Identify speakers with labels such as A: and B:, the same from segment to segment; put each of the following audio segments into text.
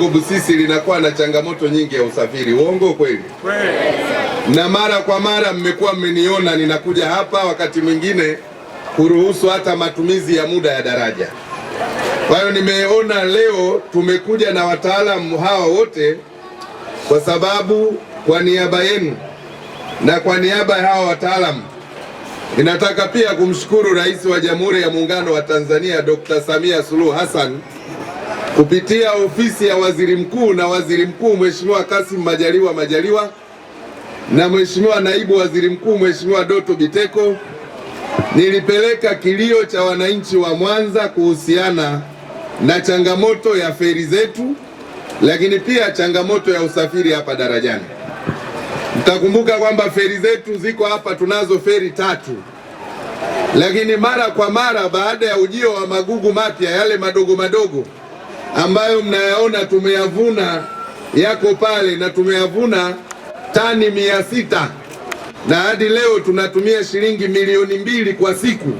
A: Ngubu sisi linakuwa na changamoto nyingi ya usafiri, uongo kweli? Na mara kwa mara mmekuwa mmeniona ninakuja hapa, wakati mwingine kuruhusu hata matumizi ya muda ya daraja. Kwa hiyo nimeona leo tumekuja na wataalamu hawa wote, kwa sababu kwa niaba yenu na kwa niaba ya hawa wataalamu ninataka pia kumshukuru Rais wa Jamhuri ya Muungano wa Tanzania Dr. Samia Suluhu Hassan kupitia ofisi ya waziri mkuu na waziri mkuu Mheshimiwa Kassim Majaliwa Majaliwa na Mheshimiwa naibu waziri mkuu Mheshimiwa Doto Biteko, nilipeleka kilio cha wananchi wa Mwanza kuhusiana na changamoto ya feri zetu, lakini pia changamoto ya usafiri hapa darajani. Mtakumbuka kwamba feri zetu ziko hapa, tunazo feri tatu, lakini mara kwa mara baada ya ujio wa magugu mapya yale madogo madogo ambayo mnayaona tumeyavuna yako pale, na tumeyavuna tani mia sita na hadi leo tunatumia shilingi milioni mbili kwa siku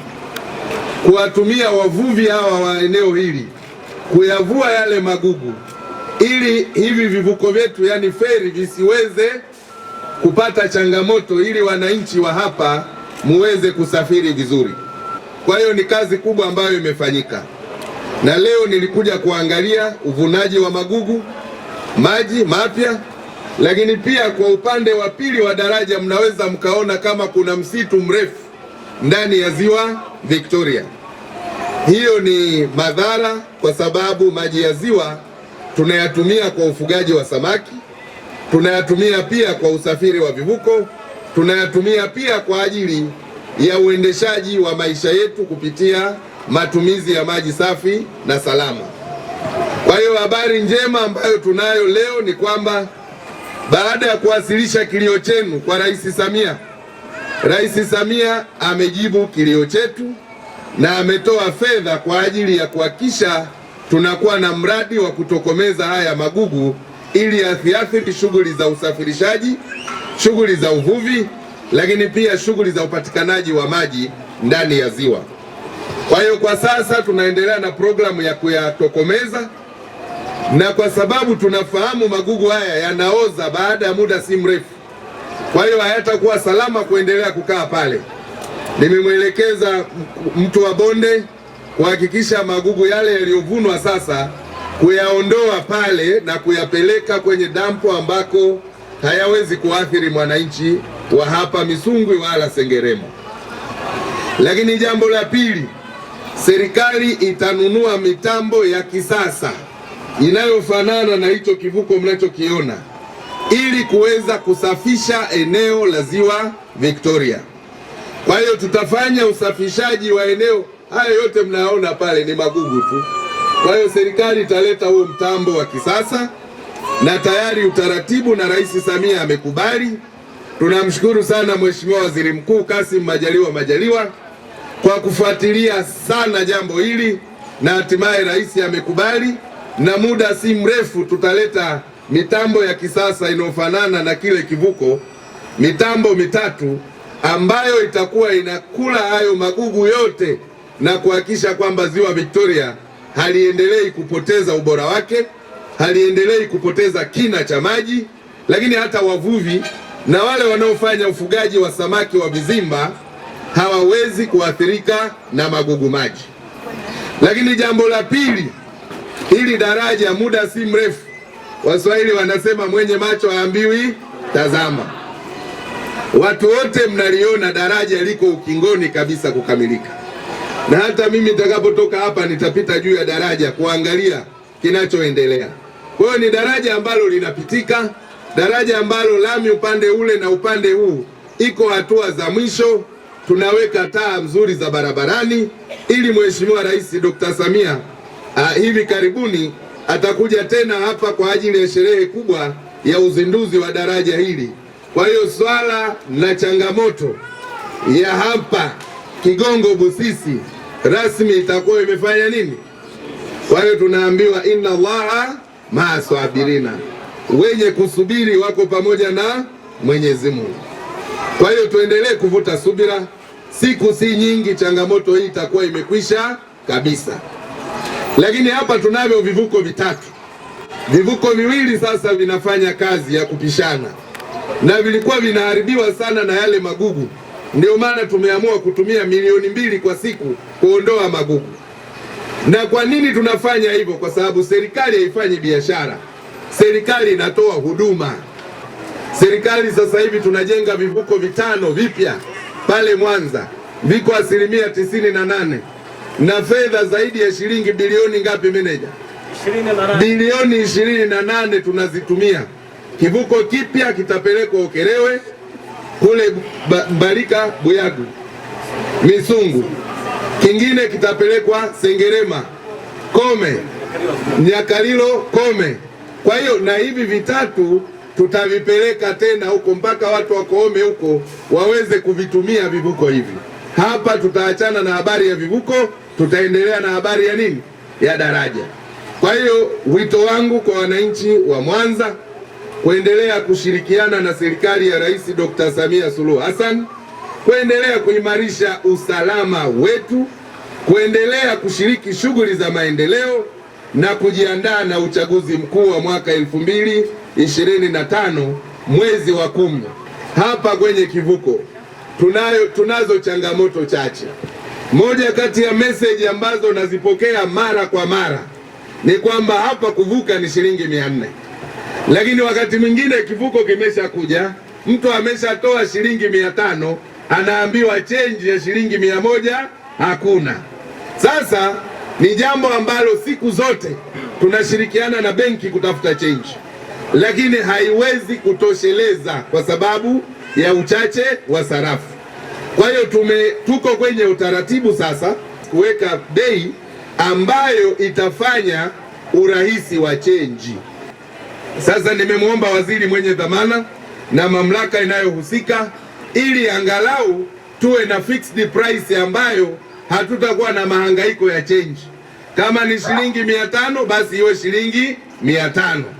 A: kuwatumia wavuvi hawa wa eneo hili kuyavua yale magugu, ili hivi vivuko vyetu, yani feri, visiweze kupata changamoto, ili wananchi wa hapa muweze kusafiri vizuri. Kwa hiyo ni kazi kubwa ambayo imefanyika na leo nilikuja kuangalia uvunaji wa magugu maji mapya, lakini pia kwa upande wa pili wa daraja mnaweza mkaona kama kuna msitu mrefu ndani ya ziwa Victoria. Hiyo ni madhara, kwa sababu maji ya ziwa tunayatumia kwa ufugaji wa samaki, tunayatumia pia kwa usafiri wa vivuko, tunayatumia pia kwa ajili ya uendeshaji wa maisha yetu kupitia matumizi ya maji safi na salama. Kwa hiyo habari njema ambayo tunayo leo ni kwamba baada ya kuwasilisha kilio chenu kwa Rais Samia, Rais Samia amejibu kilio chetu na ametoa fedha kwa ajili ya kuhakikisha tunakuwa na mradi wa kutokomeza haya magugu ili yasiathiri shughuli za usafirishaji, shughuli za uvuvi, lakini pia shughuli za upatikanaji wa maji ndani ya ziwa. Kwa hiyo kwa sasa tunaendelea na programu ya kuyatokomeza, na kwa sababu tunafahamu magugu haya yanaoza baada ya muda si mrefu, kwa hiyo hayatakuwa salama kuendelea kukaa pale. Nimemwelekeza mtu wa bonde kuhakikisha magugu yale yaliyovunwa sasa kuyaondoa pale na kuyapeleka kwenye dampo ambako hayawezi kuathiri mwananchi wa hapa Misungwi wala Sengerema. Lakini jambo la pili serikali itanunua mitambo ya kisasa inayofanana na hicho kivuko mnachokiona ili kuweza kusafisha eneo la ziwa Victoria. Kwa hiyo tutafanya usafishaji wa eneo haya yote mnayaona pale ni magugu tu. Kwa hiyo serikali italeta huo mtambo wa kisasa na tayari utaratibu, na Rais Samia amekubali. Tunamshukuru sana Mheshimiwa Waziri Mkuu Kassim Majaliwa Majaliwa kwa kufuatilia sana jambo hili na hatimaye rais amekubali, na muda si mrefu tutaleta mitambo ya kisasa inayofanana na kile kivuko, mitambo mitatu ambayo itakuwa inakula hayo magugu yote na kuhakikisha kwamba ziwa Victoria haliendelei kupoteza ubora wake, haliendelei kupoteza kina cha maji, lakini hata wavuvi na wale wanaofanya ufugaji wa samaki wa vizimba hawawezi kuathirika na magugu maji. Lakini jambo la pili, hili daraja muda si mrefu, Waswahili wanasema mwenye macho haambiwi tazama. Watu wote mnaliona daraja liko ukingoni kabisa kukamilika, na hata mimi nitakapotoka hapa nitapita juu ya daraja kuangalia kinachoendelea. Kwa hiyo ni daraja ambalo linapitika, daraja ambalo lami upande ule na upande huu iko hatua za mwisho tunaweka taa nzuri za barabarani ili Mheshimiwa Rais Dr. Samia a, ah, hivi karibuni atakuja tena hapa kwa ajili ya sherehe kubwa ya uzinduzi wa daraja hili. Kwa hiyo swala na changamoto ya hapa Kigongo Busisi rasmi itakuwa imefanya nini? Kwa hiyo tunaambiwa inna Allaha maa wenye kusubiri wako pamoja na Mwenyezi Mungu. Kwa hiyo tuendelee kuvuta subira siku si nyingi, changamoto hii itakuwa imekwisha kabisa. Lakini hapa tunavyo vivuko vitatu, vivuko viwili sasa vinafanya kazi ya kupishana, na vilikuwa vinaharibiwa sana na yale magugu. Ndio maana tumeamua kutumia milioni mbili kwa siku kuondoa magugu. Na kwa nini tunafanya hivyo? Kwa sababu serikali haifanyi biashara, serikali inatoa huduma. Serikali sasa hivi tunajenga vivuko vitano vipya pale Mwanza viko asilimia tisini na nane na fedha zaidi ya shilingi bilioni ngapi meneja? Bilioni ishirini na nane tunazitumia. Kivuko kipya kitapelekwa Ukerewe kule Mbarika, Buyagu, Misungu. Kingine kitapelekwa Sengerema, Kome, Nyakalilo, Kome. Kwa hiyo na hivi vitatu tutavipeleka tena huko mpaka watu wakoome huko waweze kuvitumia vivuko hivi. Hapa tutaachana na habari ya vivuko, tutaendelea na habari ya nini, ya daraja. Kwa hiyo wito wangu kwa wananchi wa Mwanza kuendelea kushirikiana na serikali ya Rais Dr. Samia Suluhu Hassan kuendelea kuimarisha usalama wetu, kuendelea kushiriki shughuli za maendeleo na kujiandaa na uchaguzi mkuu wa mwaka elfu mbili ishirini na tano mwezi wa kumi. Hapa kwenye kivuko tunayo, tunazo changamoto chache. Moja kati ya meseji ambazo nazipokea mara kwa mara ni kwamba hapa kuvuka ni shilingi mia nne, lakini wakati mwingine kivuko kimeshakuja, mtu ameshatoa shilingi mia tano anaambiwa chenji ya shilingi mia moja hakuna. Sasa ni jambo ambalo siku zote tunashirikiana na benki kutafuta chenji lakini haiwezi kutosheleza kwa sababu ya uchache wa sarafu. Kwa hiyo tume tuko kwenye utaratibu sasa kuweka bei ambayo itafanya urahisi wa chenji. Sasa nimemwomba waziri mwenye dhamana na mamlaka inayohusika ili angalau tuwe na fixed price ambayo hatutakuwa na mahangaiko ya chenji. Kama ni shilingi mia tano basi iwe shilingi mia tano.